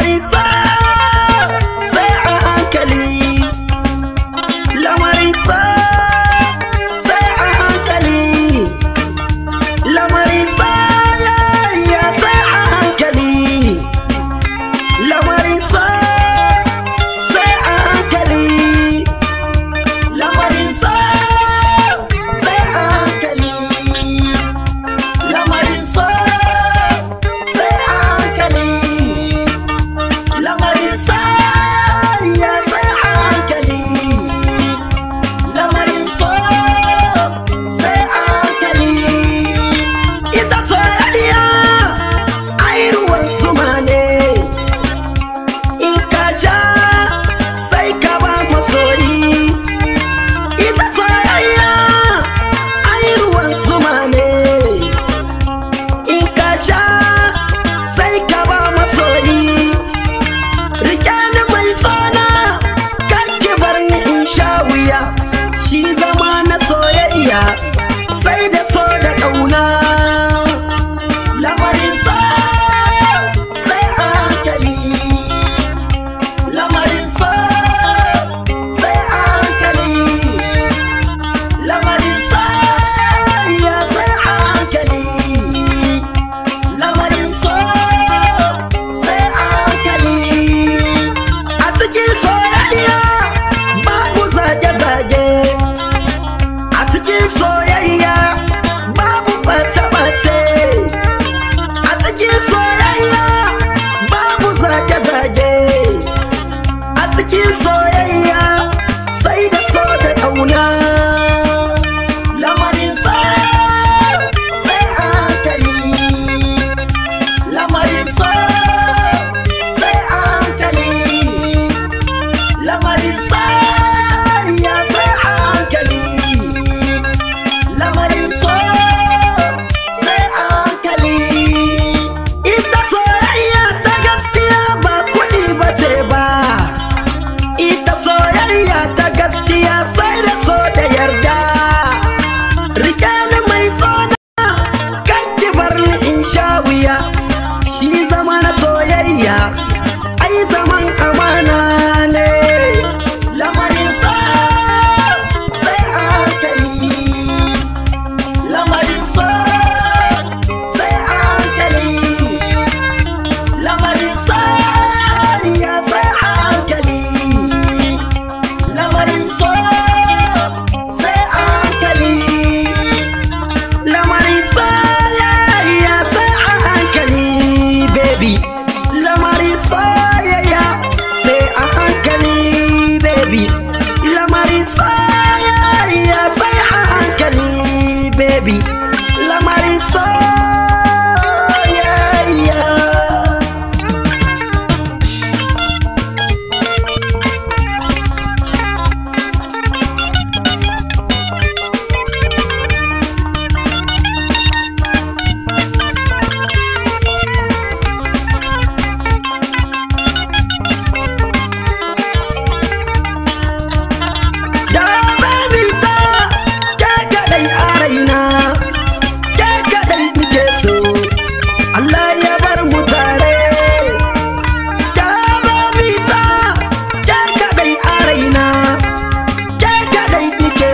لمريضة ساعة هنكلي لمريضة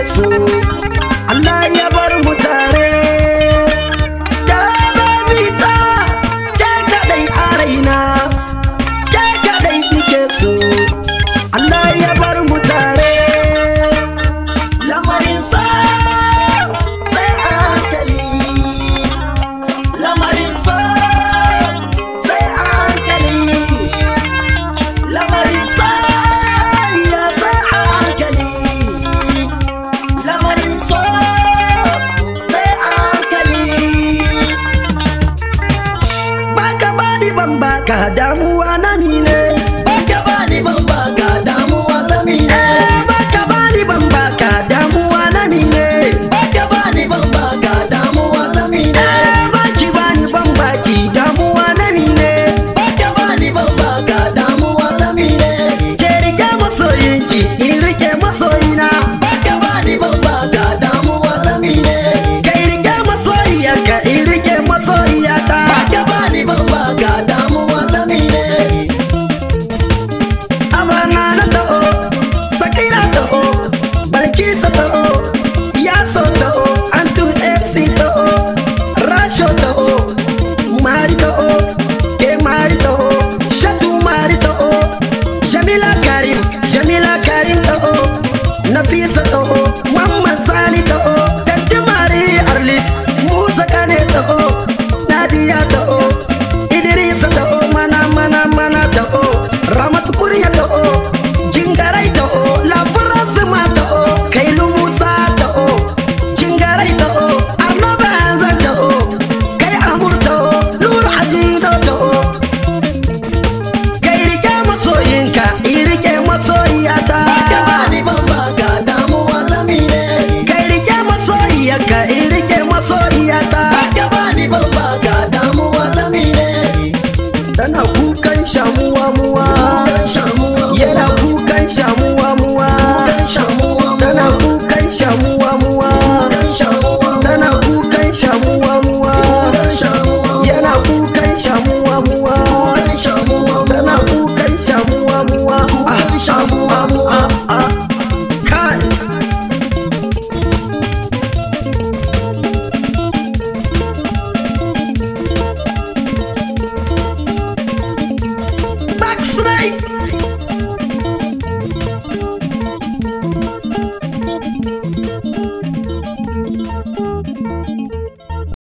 so Oh.